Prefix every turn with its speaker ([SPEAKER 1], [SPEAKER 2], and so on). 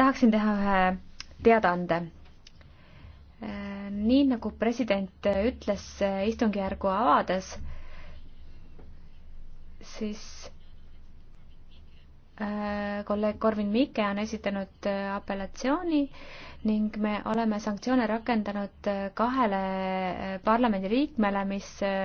[SPEAKER 1] tahaksin teha ühe teadaande. Äh, nii nagu president ütles äh, istungjärgu avades, siis äh, kolleeg Korvin Mikke on esitanud apellatsiooni ning me oleme sanktsioone rakendanud kahele parlamendiliikmele, mis